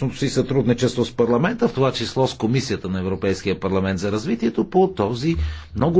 по си сътрудничество с парламента, в това число с Комисията на Европейския парламент за развитието по този много